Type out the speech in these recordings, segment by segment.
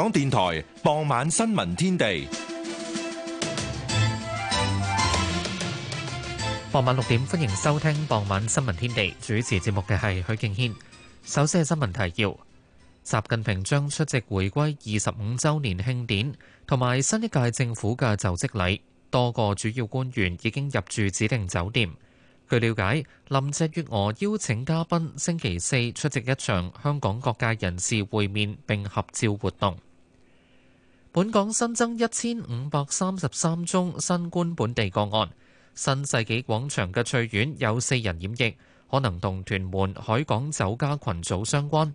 香港電台傍晚新聞天地，傍晚六點歡迎收聽《傍晚新聞天地》。主持節目嘅係許敬軒。首先係新聞提要。習近平將出席回歸二十五周年慶典，同埋新一屆政府嘅就職禮。多個主要官員已經入住指定酒店。據了解，林鄭月娥邀請嘉賓星期四出席一場香港各界人士會面並合照活動。本港新增一千五百三十三宗新冠本地個案，新世紀廣場嘅翠苑有四人染疫，可能同屯門海港酒家群組相關。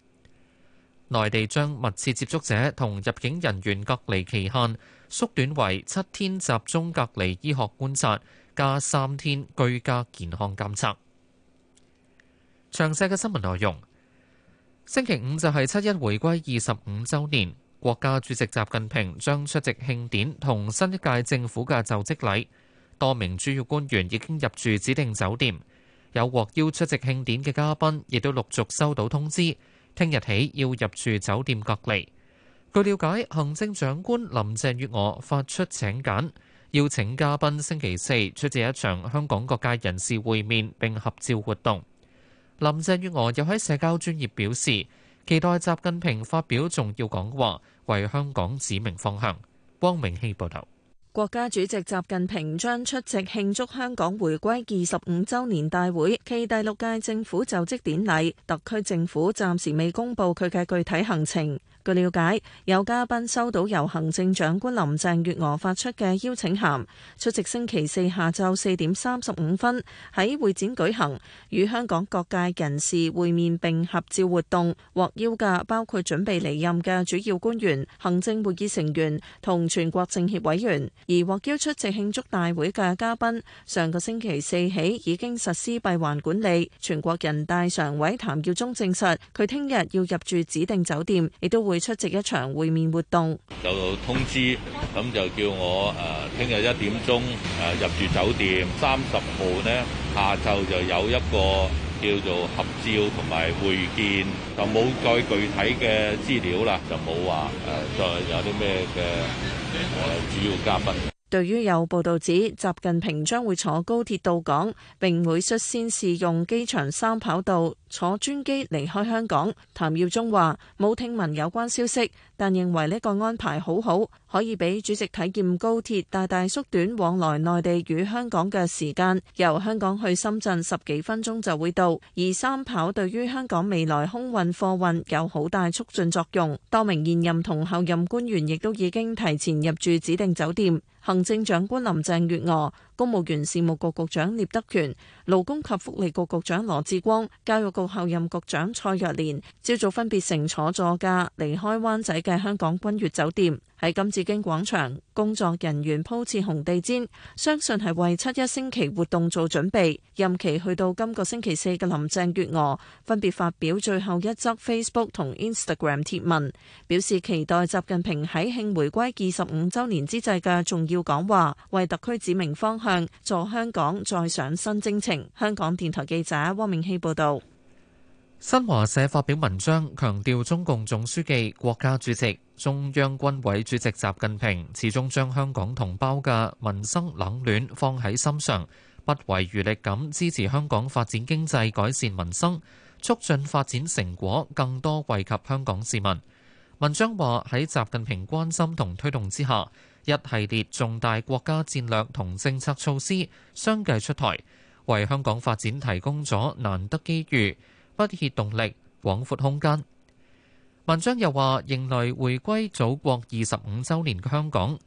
內地將密切接觸者同入境人員隔離期限縮短為七天集中隔離醫學觀察，加三天居家健康監測。詳細嘅新聞內容，星期五就係七一回歸二十五周年。國家主席習近平將出席慶典同新一屆政府嘅就職禮，多名主要官員已經入住指定酒店，有獲邀出席慶典嘅嘉賓亦都陸續收到通知，聽日起要入住酒店隔離。據了解，行政長官林鄭月娥發出請柬，邀請嘉賓星期四出席一場香港各界人士會面並合照活動。林鄭月娥又喺社交專頁表示，期待習近平發表重要講話，為香港指明方向。汪明希報道，國家主席習近平將出席慶祝香港回歸二十五周年大會暨第六屆政府就職典禮，特區政府暫時未公布佢嘅具體行程。據了解，有嘉賓收到由行政長官林鄭月娥發出嘅邀請函，出席星期四下晝四點三十五分喺會展舉行與香港各界人士會面並合照活動。獲邀嘅包括準備離任嘅主要官員、行政會議成員同全國政協委員。而獲邀出席慶祝大會嘅嘉賓，上個星期四起已經實施閉環管理。全國人大常委譚耀宗證實，佢聽日要入住指定酒店，亦都會。會出席一場會面活動，就通知咁就叫我誒，聽日一點鐘誒入住酒店。三十號呢下晝就有一個叫做合照同埋會見，就冇再具體嘅資料啦，就冇話誒再有啲咩嘅主要嘉賓。對於有報道指習近平將會坐高鐵到港，並會率先試用機場三跑道坐專機離開香港，譚耀宗話冇聽聞有關消息，但認為呢個安排好好，可以俾主席體驗高鐵，大大縮短往來內地與香港嘅時間。由香港去深圳十幾分鐘就會到，而三跑對於香港未來空運貨運有好大促進作用。多名現任同候任官員亦都已經提前入住指定酒店。行政長官林鄭月娥。公務員事務局局長聶德權、勞工及福利局局長羅志光、教育局候任局長蔡若蓮，朝早分別乘坐座駕離開灣仔嘅香港君悅酒店。喺金紫荊廣場，工作人員鋪設紅地毯，相信係為七一星期活動做準備。任期去到今個星期四嘅林鄭月娥，分別發表最後一則 Facebook 同 Instagram 貼文，表示期待習近平喺慶回歸二十五週年之際嘅重要講話，為特區指明方向。向助香港再上新征程。香港電台記者汪明希報道。新華社發表文章強調，中共總書記、國家主席、中央軍委主席習近平始終將香港同胞嘅民生冷暖放喺心上，不遺餘力咁支持香港發展經濟、改善民生、促進發展成果更多惠及香港市民。文章話喺習近平關心同推動之下。一系列重大國家戰略同政策措施相繼出台，為香港發展提供咗難得機遇、不竭動力、廣闊空間。文章又話，迎來回歸祖國二十五周年嘅香港，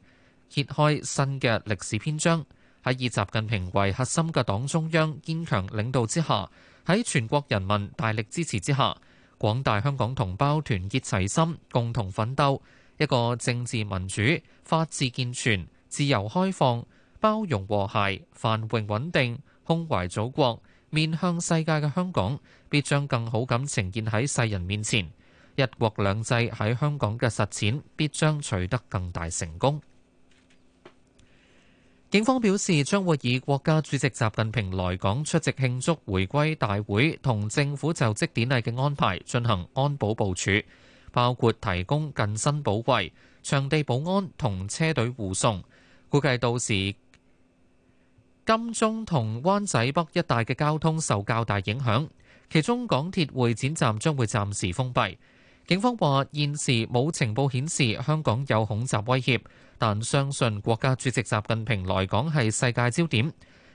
揭開新嘅歷史篇章。喺以習近平為核心嘅黨中央堅強領導之下，喺全國人民大力支持之下，廣大香港同胞團結齊心，共同奮鬥。一個政治民主、法治健全、自由開放、包容和諧、繁榮穩定、胸懷祖國、面向世界嘅香港，必將更好咁呈現喺世人面前。一國兩制喺香港嘅實踐，必將取得更大成功。警方表示，將會以國家主席習近平來港出席慶祝回歸大會同政府就職典禮嘅安排進行安保部署。包括提供近身保衞、場地保安同車隊護送，估計到時金鐘同灣仔北一帶嘅交通受較大影響。其中港鐵會展站將會暫時封閉。警方話現時冇情報顯示香港有恐襲威脅，但相信國家主席習近平來港係世界焦點，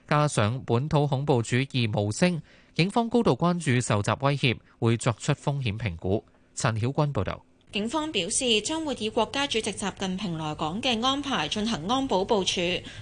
加上本土恐怖主義無聲，警方高度關注受襲威脅，會作出風險評估。陳曉君報道，警方表示將會以國家主席習近平來港嘅安排進行安保部署，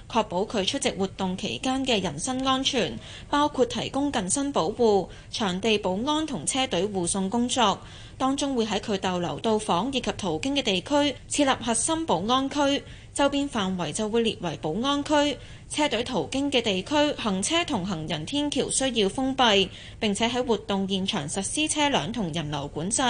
確保佢出席活動期間嘅人身安全，包括提供近身保護、場地保安同車隊護送工作。當中會喺佢逗留、到訪以及途經嘅地區設立核心保安區，周邊範圍就會列為保安區。車隊途經嘅地區，行車同行人天橋需要封閉，並且喺活動現場實施車輛同人流管制。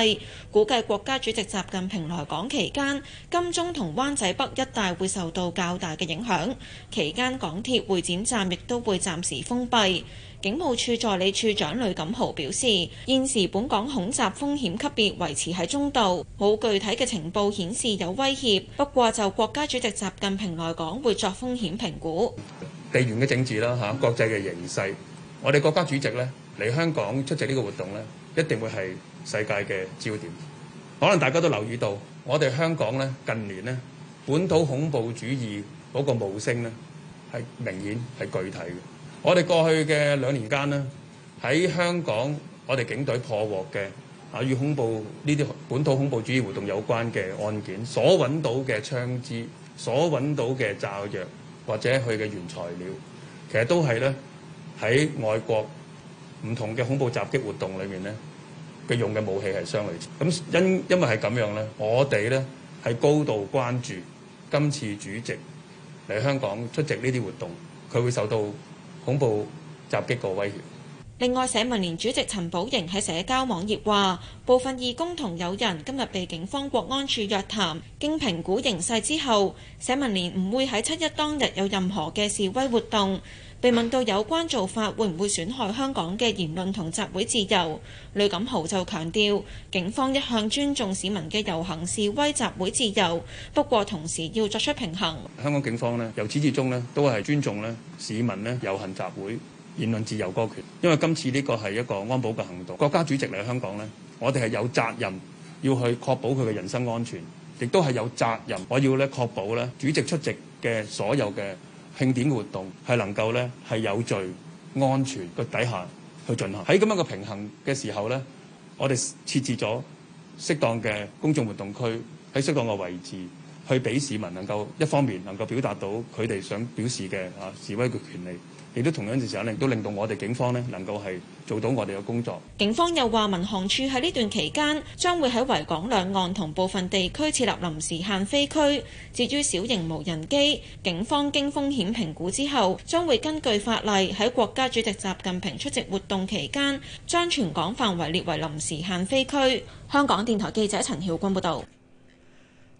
估計國家主席習近平來港期間，金鐘同灣仔北一帶會受到較大嘅影響，期間港鐵會展站亦都會暫時封閉。警務處助理處長呂錦豪表示，現時本港恐襲風險級別維持喺中度，冇具體嘅情報顯示有威脅。不過就國家主席習近平嚟港，會作風險評估。地緣嘅政治啦，吓國際嘅形勢，我哋國家主席咧嚟香港出席呢個活動咧，一定會係世界嘅焦點。可能大家都留意到，我哋香港咧近年咧本土恐怖主義嗰個武聲咧係明顯係具體嘅。我哋過去嘅兩年間呢，喺香港，我哋警隊破獲嘅嚇與恐怖呢啲本土恐怖主義活動有關嘅案件，所揾到嘅槍支、所揾到嘅炸藥或者佢嘅原材料，其實都係咧喺外國唔同嘅恐怖襲擊活動裏面咧，佢用嘅武器係相類似。咁因因為係咁樣咧，我哋咧係高度關注今次主席嚟香港出席呢啲活動，佢會受到。恐怖襲擊個威脅。另外，社民連主席陳寶瑩喺社交網頁話：部分義工同友人今日被警方國安處約談，經評估形勢之後，社民連唔會喺七一當日有任何嘅示威活動。被問到有關做法會唔會損害香港嘅言論同集會自由，呂錦豪就強調：警方一向尊重市民嘅遊行示威集會自由，不過同時要作出平衡。香港警方呢，由始至終呢都係尊重呢市民呢遊行集會。言論自由嘅權，因為今次呢個係一個安保嘅行動，國家主席嚟香港咧，我哋係有責任要去確保佢嘅人身安全，亦都係有責任我要咧確保咧主席出席嘅所有嘅慶典活動係能夠咧係有序、安全個底下去進行。喺咁樣嘅平衡嘅時候咧，我哋設置咗適當嘅公眾活動區，喺適當嘅位置，去俾市民能夠一方面能夠表達到佢哋想表示嘅啊示威嘅權利。亦都同樣時候，令，都令到我哋警方咧能夠係做到我哋嘅工作。警方又話，民航處喺呢段期間將會喺維港兩岸同部分地區設立臨時限飛區。至於小型無人機，警方經風險評估之後，將會根據法例喺國家主席習近平出席活動期間，將全港範圍列為臨時限飛區。香港電台記者陳曉君報導。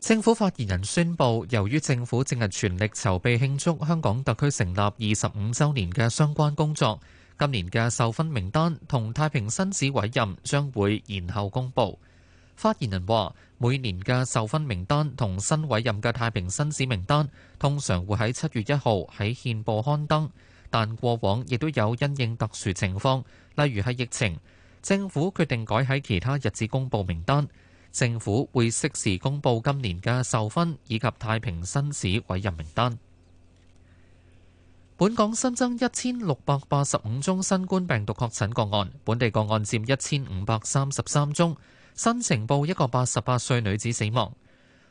政府發言人宣布，由於政府正喺全力籌備慶祝香港特區成立二十五週年嘅相關工作，今年嘅授勳名單同太平紳士委任將會延後公布。發言人話：每年嘅授勳名單同新委任嘅太平紳士名單，通常會喺七月一號喺《憲報》刊登，但過往亦都有因應特殊情況，例如係疫情，政府決定改喺其他日子公布名單。政府會適時公布今年嘅授勛以及太平紳士委任名單。本港新增一千六百八十五宗新冠病毒確診個案，本地個案佔一千五百三十三宗。新呈報一個八十八歲女子死亡。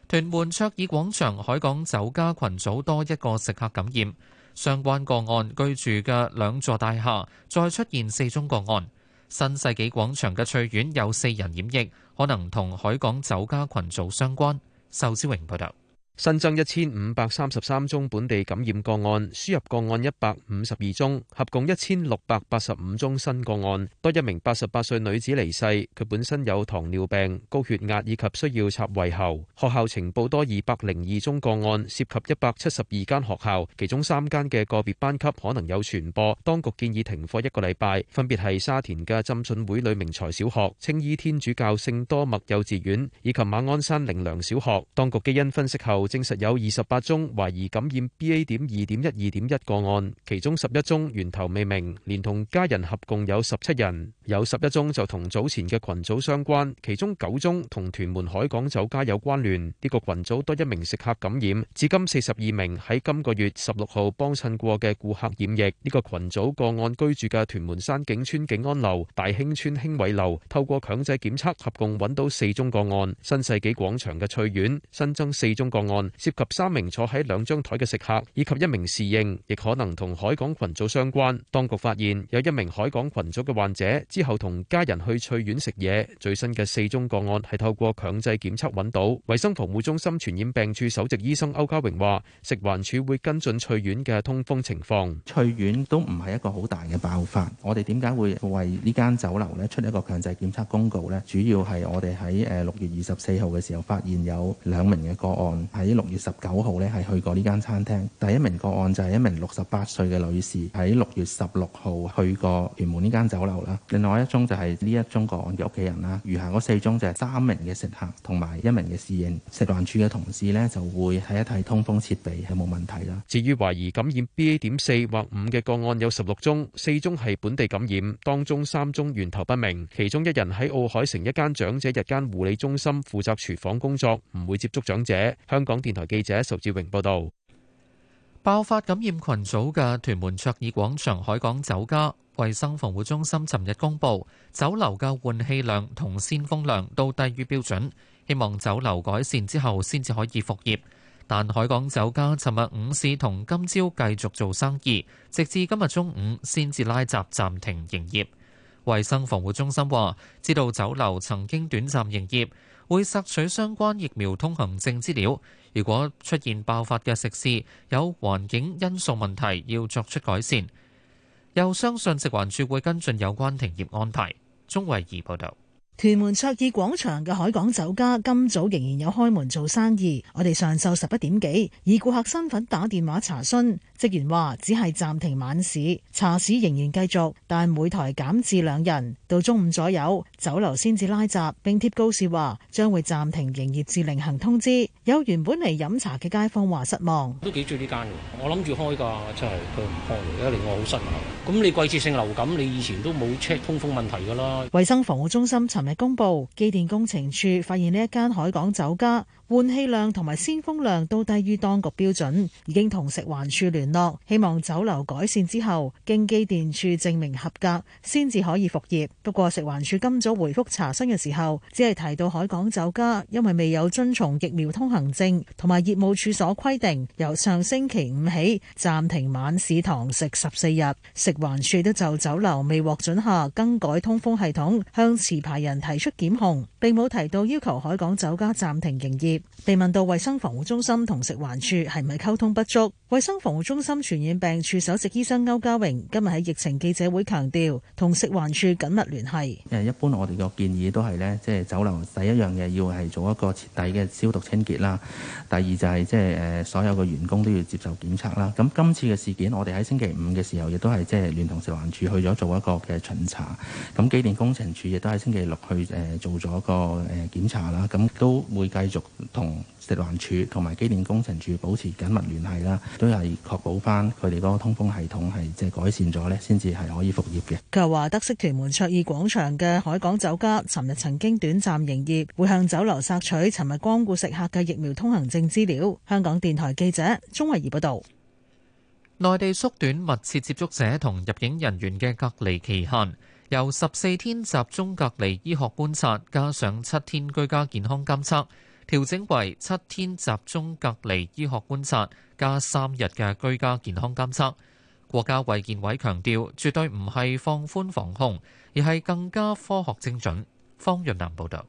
屯門卓爾廣場海港酒家群組多一個食客感染，相關個案居住嘅兩座大廈再出現四宗個案。新世紀廣場嘅翠苑有四人染疫，可能同海港酒家群組相關。仇志榮報道。新增一千五百三十三宗本地感染個案，輸入個案一百五十二宗，合共一千六百八十五宗新個案。多一名八十八歲女子離世，佢本身有糖尿病、高血壓以及需要插胃喉。學校情報多二百零二宗個案，涉及一百七十二間學校，其中三間嘅個別班級可能有傳播。當局建議停課一個禮拜，分別係沙田嘅浸信會呂明才小學、青衣天主教聖多默幼稚園以及馬鞍山靈良小學。當局基因分析後。證實有二十八宗懷疑感染 BA. 點二點一二點一個案，其中十一宗源頭未明，連同家人合共有十七人，有十一宗就同早前嘅群組相關，其中九宗同屯門海港酒家有關聯。呢、這個群組多一名食客感染，至今四十二名喺今個月十六號幫襯過嘅顧客染疫。呢、這個群組個案居住嘅屯門山景村景安樓、大興村興偉樓，樓，透過強制檢測合共揾到四宗個案。新世紀廣場嘅翠苑新增四宗個案。案涉及三名坐喺兩張台嘅食客以及一名侍應，亦可能同海港群組相關。當局發現有一名海港群組嘅患者之後同家人去翠苑食嘢。最新嘅四宗個案係透過強制檢測揾到。衛生防護中心傳染病處首席醫生歐家榮話，食環署會跟進翠苑嘅通風情況。翠苑都唔係一個好大嘅爆發。我哋點解會為呢間酒樓呢出一個強制檢測公告呢？主要係我哋喺誒六月二十四號嘅時候發現有兩名嘅個案。喺六月十九號咧，係去過呢間餐廳。第一名個案就係一名六十八歲嘅女士，喺六月十六號去過屯門呢間酒樓啦。另外一宗就係呢一宗個案嘅屋企人啦。餘下嗰四宗就係三名嘅食客同埋一名嘅侍應。食環署嘅同事呢，就會睇一睇通風設備有冇問題啦。至於懷疑感染 B.A. 點四或五嘅個案有十六宗，四宗係本地感染，當中三宗源頭不明，其中一人喺奧海城一間長者日間護理中心負責廚房工作，唔會接觸長者。香港港電台記者仇志榮報道，爆發感染群組嘅屯門卓爾廣場海港酒家，衛生防護中心尋日公布酒樓嘅換氣量同鮮風量都低於標準，希望酒樓改善之後先至可以復業。但海港酒家尋日午市同今朝繼續做生意，直至今日中午先至拉閘暫停營業。衛生防護中心話，知道酒樓曾經短暫營業。會索取相關疫苗通行證資料。如果出現爆發嘅食肆，有環境因素問題，要作出改善。又相信食環署會跟進有關停業安排。鍾慧儀報導。屯門卓爾廣場嘅海港酒家今早仍然有開門做生意。我哋上晝十一點幾以顧客身份打電話查詢，職員話只係暫停晚市，茶市仍然繼續，但每台減至兩人。到中午左右，酒樓先至拉閘，並貼告示話將會暫停營業至另行通知。有原本嚟飲茶嘅街坊話失望，都幾中意呢間，我諗住開噶，真係佢唔開，而家令我好失望。咁你季節性流感，你以前都冇 check 通風問題噶啦。衛生防護中心尋日公布，機電工程處發現呢一間海港酒家，換氣量同埋先風量都低於當局標準，已經同食環署聯絡，希望酒樓改善之後經機電處證明合格先至可以復業。不過食環署今早回覆查詢嘅時候，只係提到海港酒家因為未有遵從疫苗通行證同埋業務處所規定，由上星期五起暫停晚市堂食十四日。食環署都就酒樓未獲准下更改通風系統，向持牌人提出檢控，並冇提到要求海港酒家暫停營業。被問到衛生防護中心同食環署係咪溝通不足，衛生防護中心傳染病處首席醫生歐家榮今日喺疫情記者會強調，同食環署緊密聯繫。誒，一般我哋嘅建議都係呢，即係酒樓第一樣嘢要係做一個徹底嘅消毒清潔啦，第二就係即係誒所有嘅員工都要接受檢測啦。咁今次嘅事件，我哋喺星期五嘅時候亦都係即係聯同食環署去咗做一個嘅巡查，咁機電工程署亦都喺星期六去誒做咗個誒檢查啦。咁都會繼續。同食環署同埋機電工程署保持緊密聯繫啦，都係確保翻佢哋嗰個通風系統係即係改善咗呢先至係可以復業嘅。佢又話，德式屯門卓爾廣場嘅海港酒家，尋日曾經短暫營業，會向酒樓索取尋日光顧食客嘅疫苗通行證資料。香港電台記者鍾慧儀報導。內地縮短密切接觸者同入境人員嘅隔離期限，由十四天集中隔離醫學觀察，加上七天居家健康監測。調整為七天集中隔離醫學觀察，加三日嘅居家健康監測。國家衛健委強調，絕對唔係放寬防控，而係更加科學精準。方潤南報導，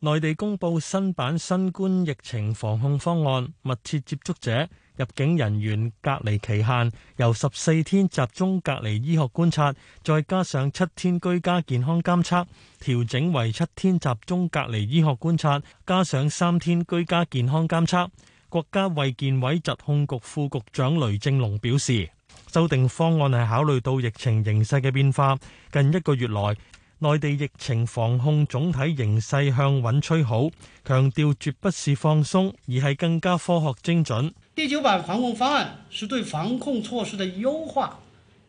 內地公佈新版新冠疫情防控方案，密切接觸者、入境人員隔離期限由十四天集中隔離醫學觀察，再加上七天居家健康監測，調整為七天集中隔離醫學觀察，加上三天居家健康監測。國家衛健委疾控局副局長雷正龍表示，修訂方案係考慮到疫情形勢嘅變化。近一個月來，內地疫情防控總體形勢向穩趨好，強調絕不是放鬆，而係更加科學精準。第九版防控方案是對防控措施的優化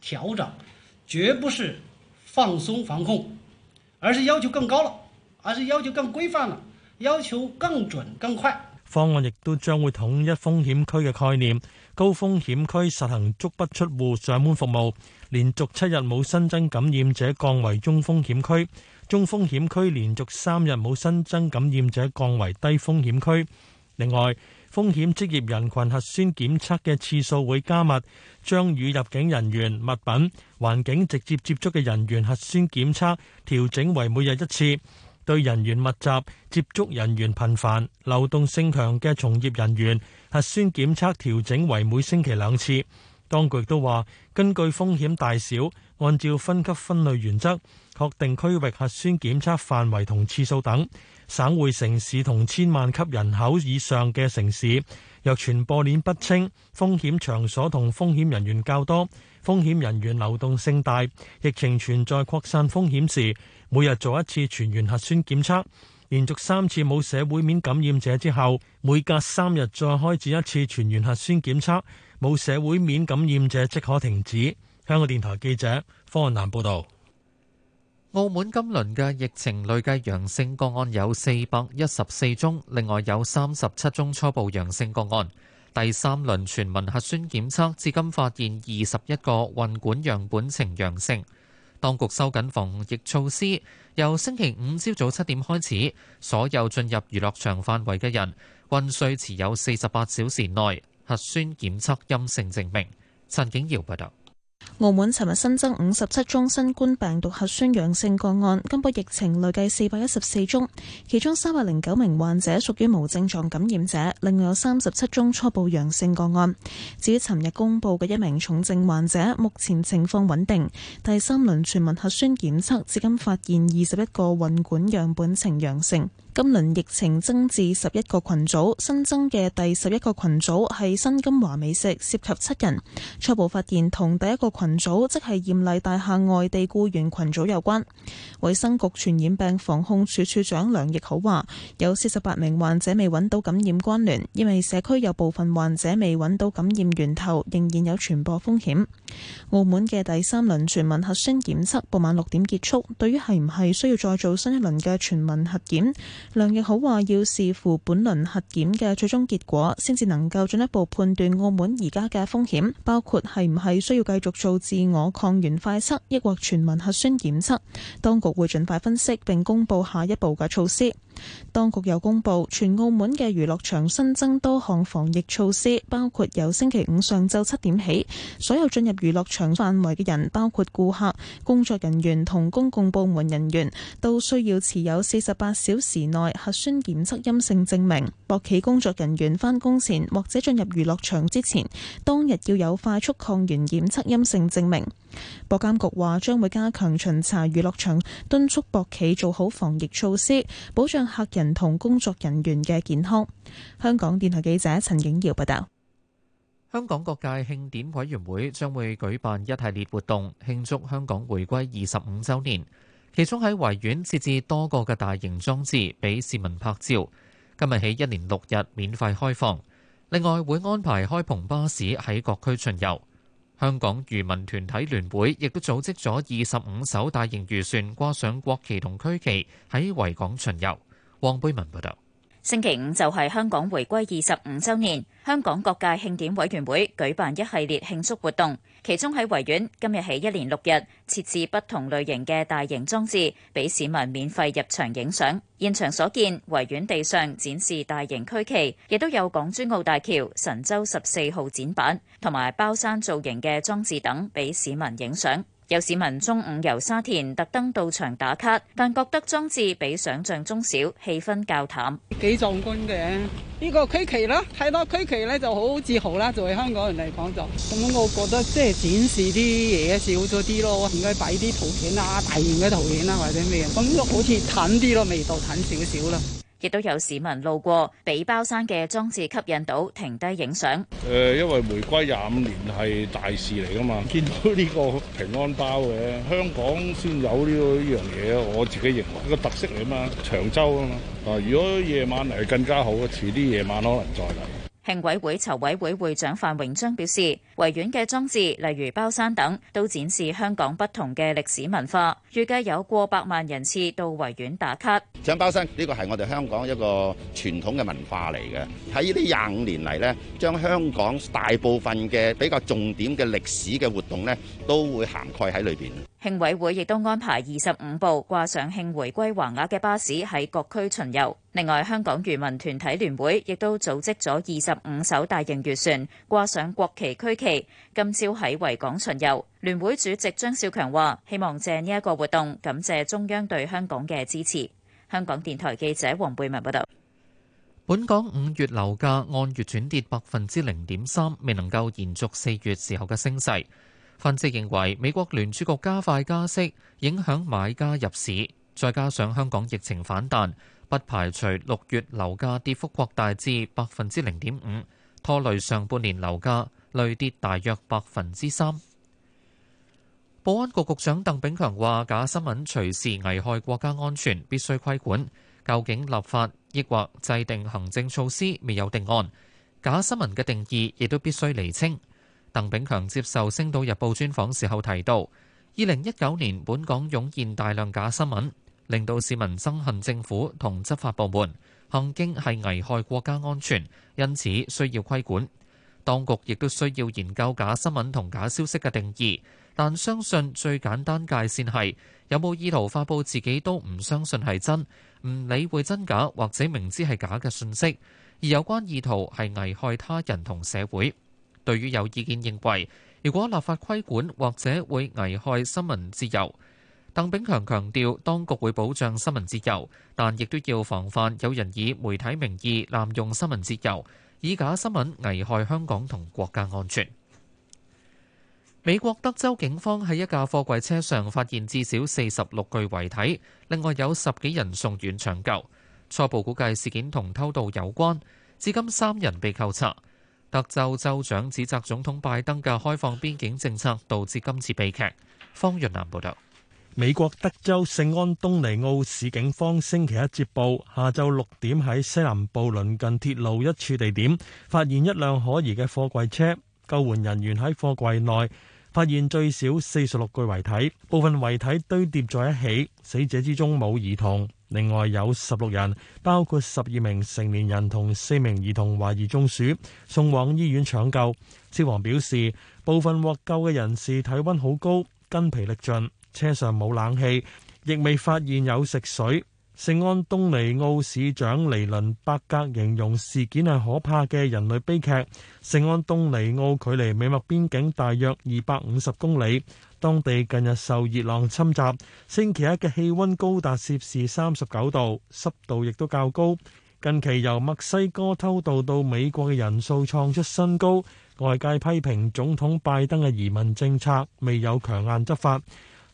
調整，絕不是放鬆防控，而是要求更高了，而是要求更規範了，要求更準更快。方案亦都將會統一風險區嘅概念，高風險區實行足不出戶上門服務，連續七日冇新增感染者降為中風險區，中風險區連續三日冇新增感染者降為低風險區。另外，風險職業人群核酸檢測嘅次數會加密，將與入境人員、物品、環境直接接觸嘅人員核酸檢測調整為每日一次；對人員密集、接觸人員頻繁、流動性強嘅從業人員核酸檢測調整為每星期兩次。當局亦都話，根據風險大小，按照分級分類原則，確定區域核酸檢測範圍同次數等。省會城市同千萬級人口以上嘅城市，若傳播鏈不清、風險場所同風險人員較多、風險人員流動性大、疫情存在擴散風險時，每日做一次全員核酸檢測，連續三次冇社會面感染者之後，每隔三日再開展一次全員核酸檢測，冇社會面感染者即可停止。香港電台記者方南報道。澳門今輪嘅疫情累計陽性個案有四百一十四宗，另外有三十七宗初步陽性個案。第三輪全民核酸檢測至今發現二十一個運管樣本呈陽性。當局收緊防疫措施，由星期五朝早七點開始，所有進入娛樂場範圍嘅人，均須持有四十八小時內核酸檢測陰性證明。陳景堯報道。澳門尋日新增五十七宗新冠病毒核酸陽性個案，今波疫情累計四百一十四宗，其中三百零九名患者屬於無症狀感染者，另外有三十七宗初步陽性個案。至於尋日公布嘅一名重症患者，目前情況穩定。第三輪全民核酸檢測至今發現二十一個混管樣本呈陽性。今輪疫情增至十一個群組，新增嘅第十一個群組，係新金華美食，涉及七人，初步發現同第一個群組即係艷麗大廈外地僱員群組有關。衛生局傳染病防控處處長梁亦好話有四十八名患者未揾到感染關聯，因為社區有部分患者未揾到感染源頭，仍然有傳播風險。澳門嘅第三輪全民核酸檢測傍晚六點結束，對於係唔係需要再做新一輪嘅全民核檢。梁亦好話要視乎本輪核檢嘅最終結果，先至能夠進一步判斷澳門而家嘅風險，包括係唔係需要繼續做自我抗原快測抑或全民核酸檢測，當局會盡快分析並公布下一步嘅措施。當局又公布全澳門嘅娛樂場新增多項防疫措施，包括由星期五上晝七點起，所有進入娛樂場範圍嘅人，包括顧客、工作人員同公共部門人員都需要持有四十八小時。內核酸檢測陰性證明，博企工作人員返工前或者進入娛樂場之前，當日要有快速抗原檢測陰性證明。博監局話將會加強巡查娛樂場，敦促博企做好防疫措施，保障客人同工作人員嘅健康。香港電台記者陳景堯報道。香港各界慶典委員會將會舉辦一系列活動，慶祝香港回歸二十五週年。其中喺維園設置多個嘅大型裝置俾市民拍照，今日起一連六日免費開放。另外會安排開篷巴士喺各區巡遊。香港漁民團體聯會亦都組織咗二十五艘大型漁船掛上國旗同區旗喺維港巡遊。黃貝文報道。星期五就係香港回歸二十五週年，香港各界慶典委員會舉辦一系列慶祝活動，其中喺維園今日起一連六日設置不同類型嘅大型裝置，俾市民免費入場影相。現場所見，維園地上展示大型區旗，亦都有港珠澳大橋、神舟十四號展板同埋包山造型嘅裝置等，俾市民影相。有市民中午由沙田特登到場打卡，但覺得裝置比想象中小，氣氛較淡。幾壯觀嘅呢個區旗啦，睇到區旗咧就好自豪啦，作為香港人嚟講就咁。 我覺得即係展示啲嘢少咗啲咯，應該擺啲圖片啊，大型嘅圖片啊或者咩咁，好似淡啲咯，味道淡少少啦。亦都有市民路過，俾包山嘅裝置吸引到，停低影相。誒、呃，因為回歸廿五年係大事嚟㗎嘛，見到呢個平安包嘅香港先有呢樣嘢，我自己認為個特色嚟啊嘛，長洲啊嘛。啊，如果夜晚嚟更加好啊，遲啲夜晚可能再嚟。慶委會籌委會會長范榮章表示，維園嘅裝置，例如包山等，都展示香港不同嘅歷史文化。預計有過百萬人次到維園打卡。搶包山呢個係我哋香港一個傳統嘅文化嚟嘅。喺呢廿五年嚟呢，將香港大部分嘅比較重點嘅歷史嘅活動呢，都會涵蓋喺裏邊。慶委會亦都安排二十五部掛上慶回歸橫額嘅巴士喺各區巡遊。另外，香港漁民團體聯會亦都組織咗二十五艘大型漁船掛上國旗區旗，今朝喺維港巡遊。聯會主席張少強話，希望借呢一個活動，感謝中央對香港嘅支持。香港電台記者黃貝文報道。本港五月樓價按月轉跌百分之零點三，未能夠延續四月時候嘅升勢。分析認為，美國聯儲局加快加息影響買家入市，再加上香港疫情反彈，不排除六月樓價跌幅擴大至百分之零點五，拖累上半年樓價累跌大約百分之三。保安局局長鄧炳強話：假新聞隨時危害國家安全，必須規管。究竟立法抑或制定行政措施，未有定案。假新聞嘅定義亦都必須釐清。鄧炳強接受《星島日報》專訪時候提到，二零一九年本港湧現大量假新聞，令到市民憎恨政府同執法部門，行徑係危害國家安全，因此需要規管。當局亦都需要研究假新聞同假消息嘅定義，但相信最簡單界線係有冇意圖發布自己都唔相信係真，唔理會真假或者明知係假嘅信息，而有關意圖係危害他人同社會。對於有意見認為，如果立法規管或者會危害新聞自由，鄧炳強強調，當局會保障新聞自由，但亦都要防範有人以媒體名義濫用新聞自由，以假新聞危害香港同國家安全。美國德州警方喺一架貨櫃車上發現至少四十六具遺體，另外有十幾人送院搶救。初步估計事件同偷渡有關，至今三人被扣查。德州州長指責總統拜登嘅開放邊境政策導致今次悲劇。方潤南報道，美國德州聖安東尼奧市警方星期一接報，下晝六點喺西南部鄰近鐵路一處地點，發現一輛可疑嘅貨櫃車，救援人員喺貨櫃內發現最少四十六具遺體，部分遺體堆疊在一起，死者之中冇兒童。另外有十六人，包括十二名成年人同四名兒童，懷疑中暑，送往醫院搶救。消防表示，部分獲救嘅人士體溫好高，筋疲力盡，車上冇冷氣，亦未發現有食水。聖安東尼奧市長尼倫伯格形容事件係可怕嘅人類悲劇。聖安東尼奧距離美墨邊境大約二百五十公里。當地近日受熱浪侵襲，星期一嘅氣温高達攝氏三十九度，濕度亦都較高。近期由墨西哥偷渡到美國嘅人數創出新高，外界批評總統拜登嘅移民政策未有強硬執法。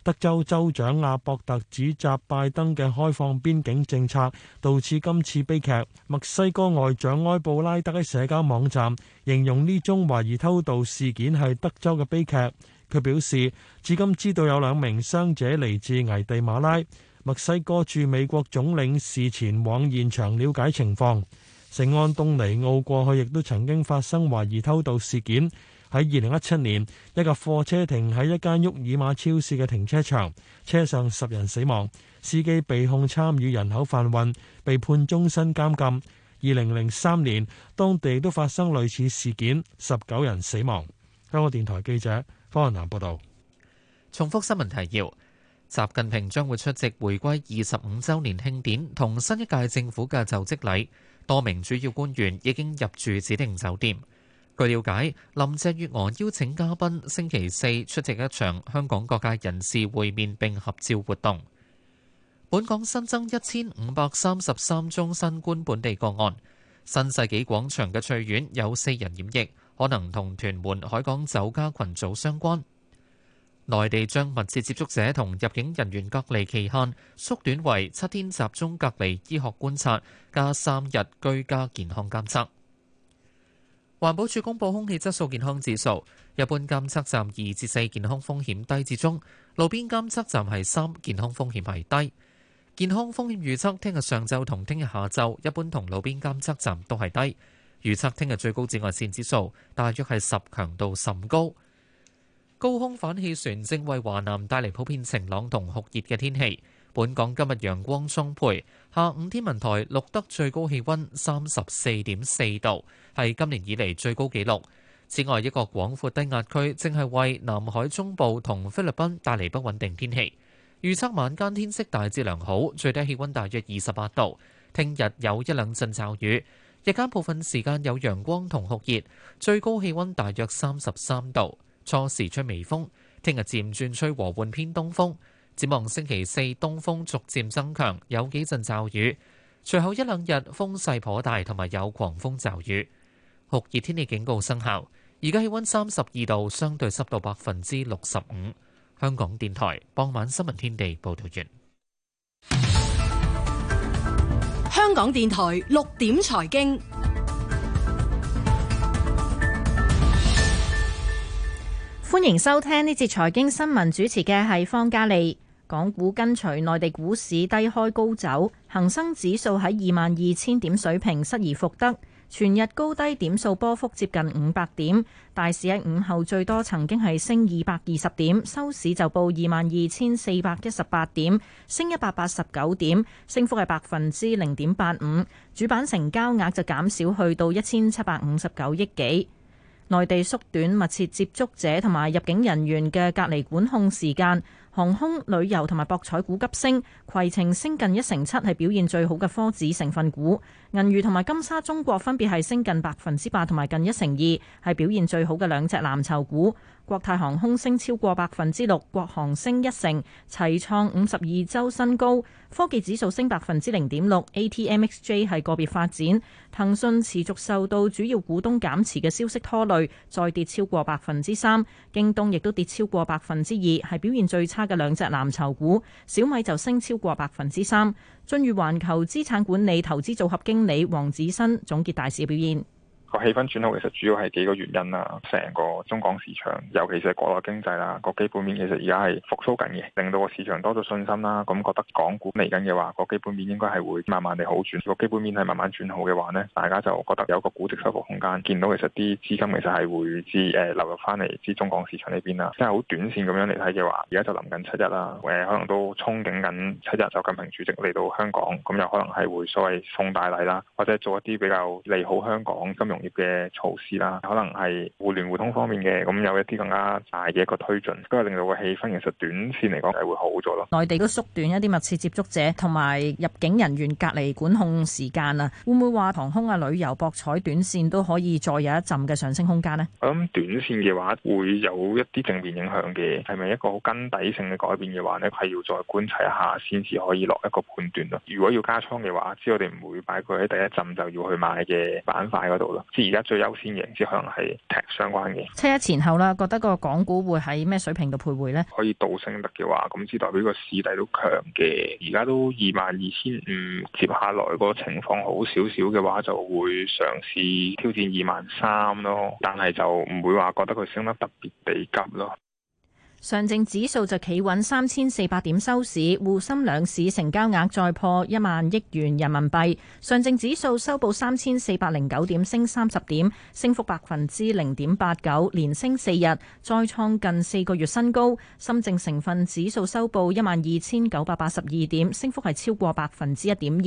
德州州長阿伯特指責拜登嘅開放邊境政策導致今次悲劇。墨西哥外長埃布拉德喺社交網站形容呢宗懷疑偷渡事件係德州嘅悲劇。佢表示，至今知道有兩名傷者嚟自危地馬拉，墨西哥駐美國總領事前往現場了解情況。聖安東尼奧過去亦都曾經發生懷疑偷渡事件，喺二零一七年，一架貨車停喺一間沃爾瑪超市嘅停車場，車上十人死亡，司機被控參與人口販運，被判終身監禁。二零零三年，當地都發生類似事件，十九人死亡。香港電台記者，方南報道。重複新聞提要：習近平將會出席回歸二十五周年慶典同新一屆政府嘅就職禮。多名主要官員已經入住指定酒店。據了解，林鄭月娥邀請嘉賓星期四出席一場香港各界人士會面並合照活動。本港新增一千五百三十三宗新冠本地個案，新世紀廣場嘅翠苑有四人染疫。可能同屯門海港酒家群組相關。內地將密切接觸者同入境人員隔離期限縮短為七天集中隔離醫學觀察加三日居家健康監測。環保署公布空氣質素健康指數，一般監測站二至四，健康風險低至中；路邊監測站係三，健康風險係低。健康風險預測聽日上晝同聽日下晝，一般同路邊監測站都係低。預測聽日最高紫外線指數大約係十，強度甚高。高空反氣旋正為華南帶嚟普遍晴朗同酷熱嘅天氣。本港今日陽光充沛，下午天文台錄得最高氣溫三十四點四度，係今年以嚟最高紀錄。此外，一個廣闊低壓區正係為南海中部同菲律賓帶嚟不穩定天氣。預測晚間天色大致良好，最低氣溫大約二十八度。聽日有一兩陣驟雨。日間部分時間有陽光同酷熱，最高氣溫大約三十三度。初時吹微風，聽日漸轉吹和緩偏東風。展望星期四，東風逐漸增強，有幾陣驟雨。隨後一兩日風勢頗大，同埋有狂風驟雨。酷熱天氣警告生效。而家氣溫三十二度，相對濕度百分之六十五。香港電台傍晚新聞天地報道完。香港電台六點財經，歡迎收聽呢節財經新聞，主持嘅係方嘉利。港股跟隨內地股市低開高走，恆生指數喺二萬二千點水平失而復得。全日高低點數波幅接近五百點，大市喺午後最多曾經係升二百二十點，收市就報二萬二千四百一十八點，升一百八十九點，升幅係百分之零點八五。主板成交額就減少去到一千七百五十九億幾。內地縮短密切接觸者同埋入境人員嘅隔離管控時間，航空旅遊同埋博彩股急升，攜程升近一成七，係表現最好嘅科指成分股。銀娛同埋金沙中國分別係升近百分之八同埋近一成二，係表現最好嘅兩隻藍籌股。國泰航空升超過百分之六，國航升一成，齊創五十二週新高。科技指數升百分之零點六，ATMXJ 係個別發展。騰訊持續受到主要股東減持嘅消息拖累，再跌超過百分之三。京東亦都跌超過百分之二，係表現最差嘅兩隻藍籌股。小米就升超過百分之三。進入環球資產管理投資組合經理黃子新總結大市嘅表現。個氣氛轉好，其實主要係幾個原因啦。成個中港市場，尤其是係國內經濟啦，個基本面其實而家係復甦緊嘅，令到個市場多咗信心啦。咁覺得港股嚟緊嘅話，個基本面應該係會慢慢地好轉。如果基本面係慢慢轉好嘅話呢，大家就覺得有個估值修復空間。見到其實啲資金其實係會至誒流入翻嚟之中港市場呢邊啦。即係好短線咁樣嚟睇嘅話，而家就臨緊七日啦，誒可能都憧憬緊七日習近平主席嚟到香港，咁又可能係會所謂送大禮啦，或者做一啲比較利好香港金融。嘅措施啦，可能係互聯互通方面嘅，咁有一啲更加大嘅一個推進，都係令到個氣氛，其實短線嚟講係會好咗咯。內地都縮短一啲密切接觸者同埋入境人員隔離管控時間啊，會唔會話航空啊、旅遊、博彩短線都可以再有一陣嘅上升空間咧？我諗短線嘅話會有一啲正面影響嘅，係咪一個好根底性嘅改變嘅話咧，係要再觀察一下先至可以落一個判斷咯。如果要加倉嘅話，即係我哋唔會擺佢喺第一陣就要去買嘅板塊嗰度咯。即而家最優先嘅，即可能係踢相關嘅。七一前後啦，覺得個港股會喺咩水平度徘徊呢？可以倒升得嘅話，咁至代表個市底都強嘅。而家都二萬二千五，接下來個情況好少少嘅話，就會嘗試挑戰二萬三咯。但係就唔會話覺得佢升得特別地急咯。上證指數就企穩三千四百點收市，滬深兩市成交額再破一萬億元人民幣。上證指數收報三千四百零九點，升三十點，升幅百分之零點八九，連升四日，再創近四個月新高。深證成分指數收報一萬二千九百八十二點，升幅係超過百分之一點二。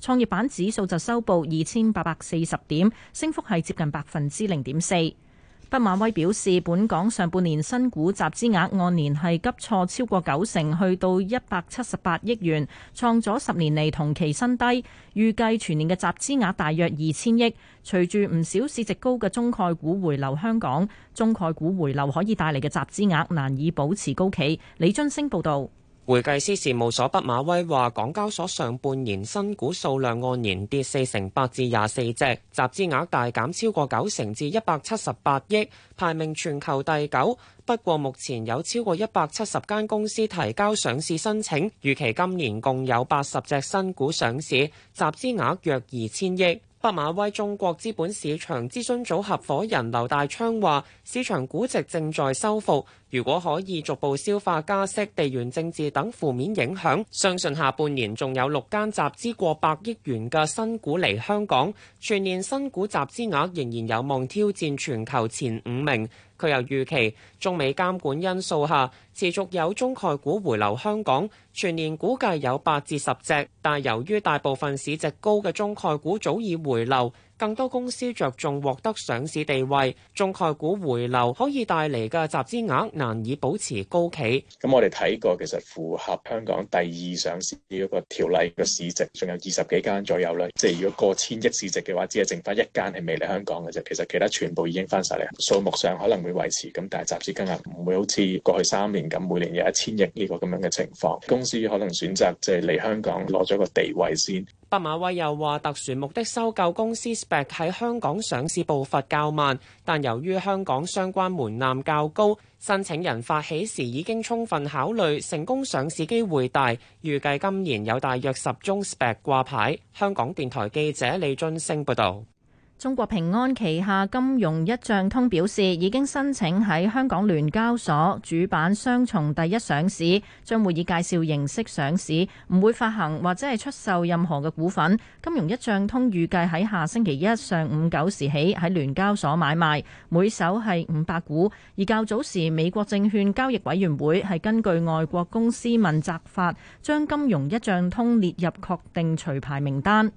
創業板指數就收報二千八百四十點，升幅係接近百分之零點四。畢馬威表示，本港上半年新股集資額按年係急挫超過九成，去到一百七十八億元，創咗十年嚟同期新低。預計全年嘅集資額大約二千億。隨住唔少市值高嘅中概股回流香港，中概股回流可以帶嚟嘅集資額難以保持高企。李津升報道。會計師事務所畢馬威話，港交所上半年新股數量按年跌四成八至廿四隻，集資額大減超過九成至一百七十八億，排名全球第九。不過，目前有超過一百七十間公司提交上市申請，預期今年共有八十隻新股上市，集資額約二千億。畢馬威中國資本市場諮詢組合伙人劉大昌話，市場估值正在修復。如果可以逐步消化加息、地緣政治等負面影響，相信下半年仲有六間集資過百億元嘅新股嚟香港，全年新股集資額仍然有望挑戰全球前五名。佢又預期中美監管因素下，持續有中概股回流香港，全年估計有八至十隻，但由於大部分市值高嘅中概股早已回流。更多公司着重獲得上市地位，中概股回流可以帶嚟嘅集資額難以保持高企。咁我哋睇過，其實符合香港第二上市一個條例嘅市值，仲有二十幾間左右啦。即係如果過千億市值嘅話，只係剩翻一間係未嚟香港嘅啫。其實其他全部已經翻晒嚟，數目上可能會維持咁，但係集資金額唔會好似過去三年咁每年有一千億呢個咁樣嘅情況。公司可能選擇即係嚟香港攞咗個地位先。畢馬威又話：特殊目的收購公司 SPAC 喺香港上市步伐較慢，但由於香港相關門檻較高，申請人發起時已經充分考慮成功上市機會大，預計今年有大約十宗 SPAC 掛牌。香港電台記者李俊升報導。中國平安旗下金融一賬通表示，已經申請喺香港聯交所主板雙重第一上市，將會以介紹形式上市，唔會發行或者係出售任何嘅股份。金融一賬通預計喺下星期一上午九時起喺聯交所買賣，每手係五百股。而較早時，美國證券交易委員會係根據外國公司問責法，將金融一賬通列入確定除牌名單。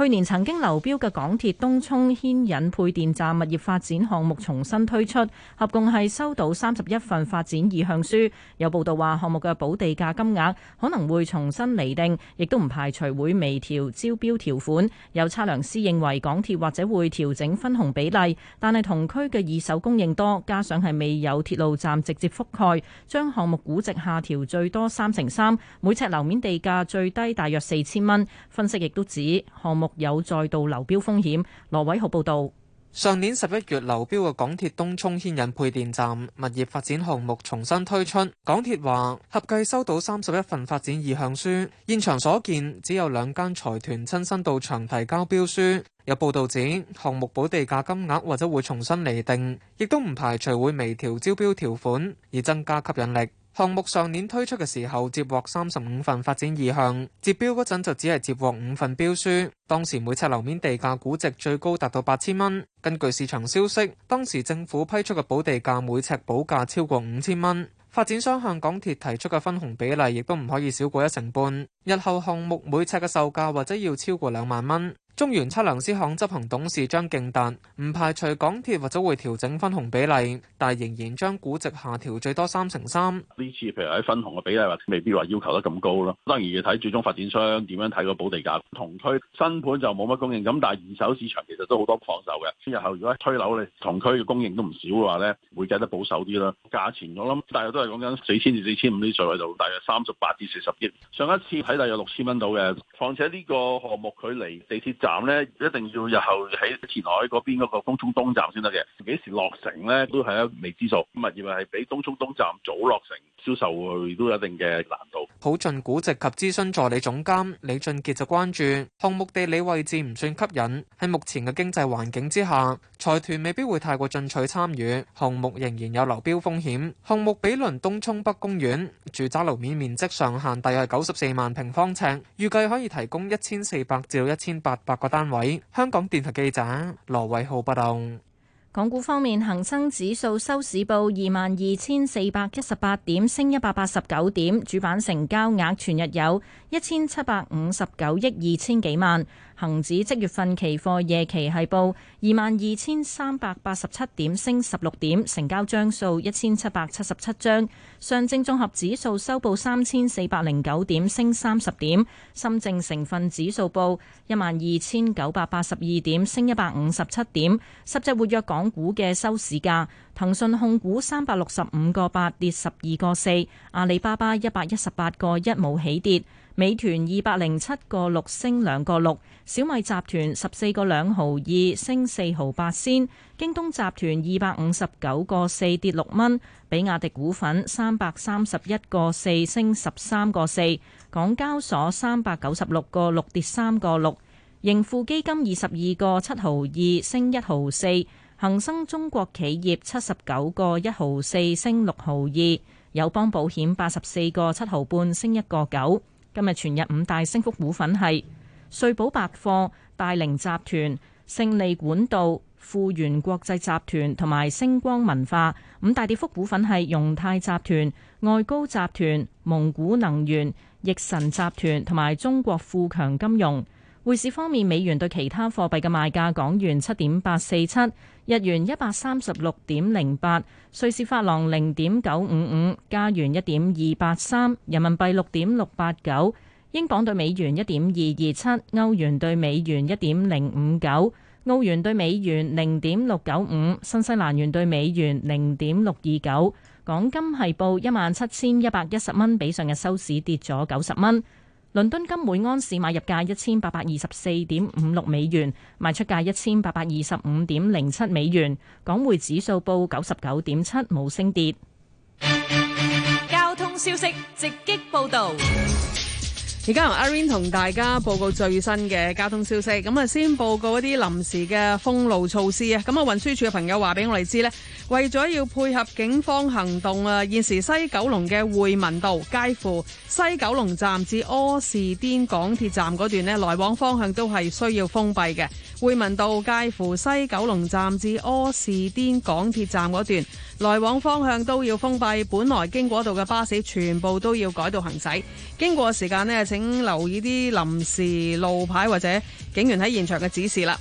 去年曾經流標嘅港鐵東涌牽引配電站物業發展項目重新推出，合共係收到三十一份發展意向書。有報道話項目嘅補地價金額可能會重新釐定，亦都唔排除會微調招標條款。有測量師認為港鐵或者會調整分紅比例，但係同區嘅二手供應多，加上係未有鐵路站直接覆蓋，將項目估值下調最多三成三，每尺樓面地價最低大約四千蚊。分析亦都指項目有再度流標風險。羅偉豪報道，上年十一月流標嘅港鐵東涌牽引配電站物業發展項目重新推出。港鐵話合計收到三十一份發展意向書，現場所見只有兩間財團親身到場提交標書。有報道指，項目補地價金額或者會重新釐定，亦都唔排除會微調招標條款而增加吸引力。項目上年推出嘅時候，接獲三十五份發展意向，接標嗰陣就只係接獲五份標書。當時每尺樓面地價估值最高達到八千蚊。根據市場消息，當時政府批出嘅補地價每尺補價超過五千蚊。發展商向港鐵提出嘅分紅比例亦都唔可以少過一成半。日後項目每尺嘅售價或者要超過兩萬蚊。中原測量師行執行董事張勁達唔排除港鐵或者會調整分紅比例，但係仍然將估值下調最多三成三。呢次譬如喺分紅嘅比例，或者未必話要求得咁高咯。當然要睇最終發展商點樣睇個保地價。同區新盤就冇乜供應，咁但係二手市場其實都好多放售嘅。之後如果推樓你同區嘅供應都唔少嘅話咧，會計得保守啲咯。價錢我諗大概都係講緊四千至四千五呢個水位度，大概三十八至四十億。上一次睇到有六千蚊到嘅，況且呢個項目佢離地鐵站。站咧一定要日後喺前海嗰邊嗰個東涌東站先得嘅，幾時落成咧都係一未知數。咁啊，認為係比東涌東站早落成銷售，佢都有一定嘅難度。普進估值及諮詢助理總監李俊傑就關注項目地理位置唔算吸引，喺目前嘅經濟環境之下。財團未必會太過進取參與項目，仍然有流標風險。項目比鄰東涌北公園，住宅樓面面積上限大約九十四萬平方尺，預計可以提供一千四百至一千八百個單位。香港電台記者羅偉浩報道。港股方面，恒生指數收市報二萬二千四百一十八點，升一百八十九點。主板成交額全日有一千七百五十九億二千幾萬。恒指即月份期貨夜期係報二萬二千三百八十七點，升十六點，成交張數一千七百七十七張。上證綜合指數收報三千四百零九點，升三十點。深證成分指數報一萬二千九百八十二點，升一百五十七點。十隻活躍港股嘅收市價，騰訊控股三百六十五個八跌十二個四，阿里巴巴一百一十八個一冇起跌。美團二百零七個六升兩個六，小米集團十四個兩毫二升四毫八先，京東集團二百五十九個四跌六蚊，比亞迪股份三百三十一個四升十三個四，港交所三百九十六個六跌三個六，盈富基金二十二個七毫二升一毫四，恒生中國企業七十九個一毫四升六毫二，友邦保險八十四個七毫半升一個九。今日全日五大升幅股份係瑞寶百貨、大寧集團、勝利管道、富源國際集團同埋星光文化；五大跌幅股份係融泰集團、外高集團、蒙古能源、翼神集團同埋中國富強金融。匯市方面，美元對其他貨幣嘅賣價，港元七點八四七。日元一百三十六點零八，瑞士法郎零點九五五，加元一點二八三，人民幣六點六八九，英鎊對美元一點二二七，歐元對美元一點零五九，澳元對美元零點六九五，新西蘭元對美元零點六二九。港金係報一萬七千一百一十蚊，比上日收市跌咗九十蚊。倫敦金每安士買入價一千八百二十四點五六美元，賣出價一千八百二十五點零七美元。港匯指數報九十九點七，冇升跌。交通消息直擊報道。而家由阿 rain 同大家報告最新嘅交通消息。咁啊，先報告一啲臨時嘅封路措施啊。咁啊，運輸署嘅朋友話俾我哋知呢，為咗要配合警方行動啊，現時西九龍嘅匯民道介乎西九龍站至柯士甸港鐵站嗰段呢，來往方向都係需要封閉嘅。匯民道介乎西九龍站至柯士甸港鐵站嗰段。來往方向都要封閉，本來經過嗰度嘅巴士全部都要改道行駛，經過時間呢，請留意啲臨時路牌或者警員喺現場嘅指示啦。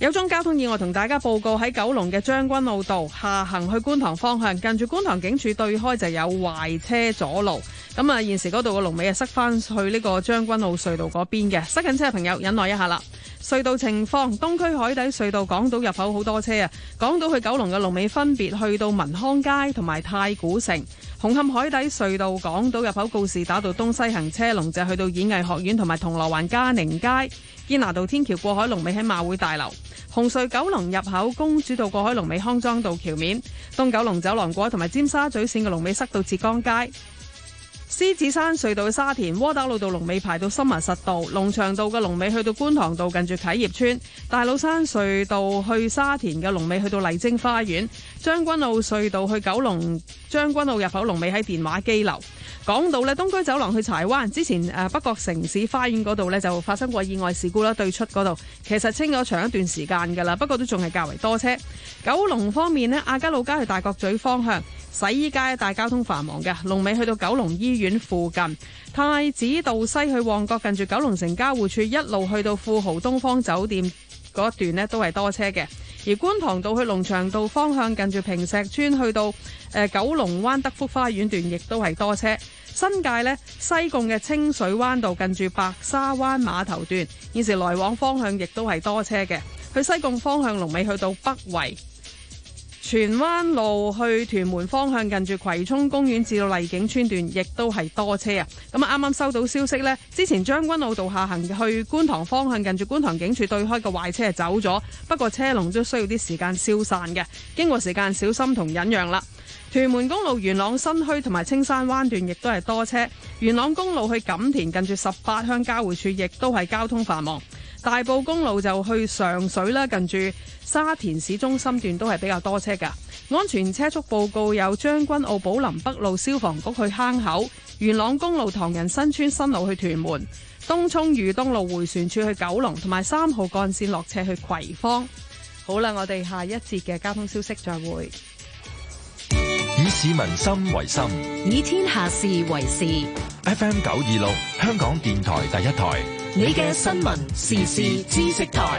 有宗交通意外同大家報告，喺九龍嘅將軍澳道下行去觀塘方向，近住觀塘警署對開就有壞車阻路。咁啊，現時嗰度嘅龍尾啊塞翻去呢個將軍澳隧道嗰邊嘅，塞緊車嘅朋友忍耐一下啦。隧道情況，東區海底隧道港島入口好多車啊！港島去九龍嘅龍尾分別去到民康街同埋太古城、紅磡海底隧道港島入口告士打道東西行車龍就去到演藝學院同埋銅鑼灣嘉寧街堅拿道天橋過海龍尾喺馬會大樓。紅隧九龍入口公主道過海龍尾康莊道橋面，東九龍走廊過同埋尖沙咀線嘅龍尾塞到浙江街，獅子山隧道去沙田窩打老道龍尾排到深文實道，龍翔道嘅龍尾去到觀塘道近住啟業村，大老山隧道去沙田嘅龍尾去到麗晶花園，將軍澳隧道去九龍將軍澳入口龍尾喺電話機樓。講到咧，東區走廊去柴灣之前，誒、啊、北角城市花園嗰度咧就發生過意外事故啦。對出嗰度其實清咗長一段時間㗎啦，不過都仲係較為多車。九龍方面咧，亞皆老街去大角咀方向洗衣街大交通繁忙嘅龍尾去到九龍醫院附近，太子道西去旺角近住九龍城交匯處，一路去到富豪東方酒店嗰段咧，都係多車嘅。而觀塘道去龍翔道方向近住坪石邨，去到誒九龍灣德福花園段亦都係多車。新界咧西貢嘅清水灣道近住白沙灣碼頭段，現時來往方向亦都係多車嘅。去西貢方向龍尾去到北圍，荃灣路去屯門方向近住葵涌公園至到荔景邨段，亦都係多車啊！咁啊，啱啱收到消息呢，之前將軍澳道下行去觀塘方向近住觀塘警署對開嘅壞車係走咗，不過車龍都需要啲時間消散嘅，經過時間小心同忍讓啦。屯門公路元朗新墟同埋青山灣段亦都係多車，元朗公路去錦田近住十八鄉交匯處，亦都係交通繁忙。大埔公路就去上水啦，近住沙田市中心段都係比較多車㗎。安全車速報告有將軍澳寶林北路消防局去坑口，元朗公路唐人新村新路去屯門，東涌裕東路迴旋處去九龍，同埋三號幹線落斜去葵芳。好啦，我哋下一節嘅交通消息再會。以市民心為心，以天下事為事。FM 九二六，香港電台第一台，你嘅新聞時事知識台。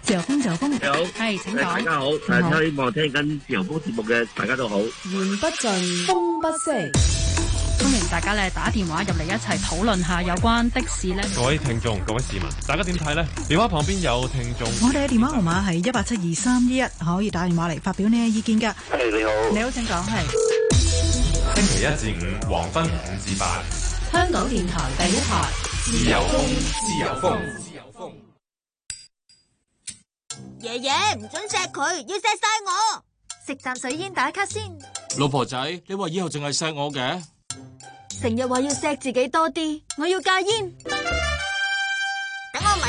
自由風，自由風，你好，係請講。大家好，大家希望聽緊自由風節目嘅，大家都好。言不盡，風不息。歡迎大家咧打電話入嚟，一齊討論下有關的士咧。各位聽眾、各位市民，大家點睇咧？電話旁邊有聽眾。 我哋嘅電話號碼係一八七二三一一，可以打電話嚟發表你嘅意見噶。你好。你好，請講。係星期一至五黃昏五至八。香港電台第一台，自由風，自由風，自由風。爺爺唔准錫佢，要錫晒我。食啖水煙打卡先。老婆仔，你話以後淨係錫我嘅？成日話要錫自己多啲，我要戒煙。等我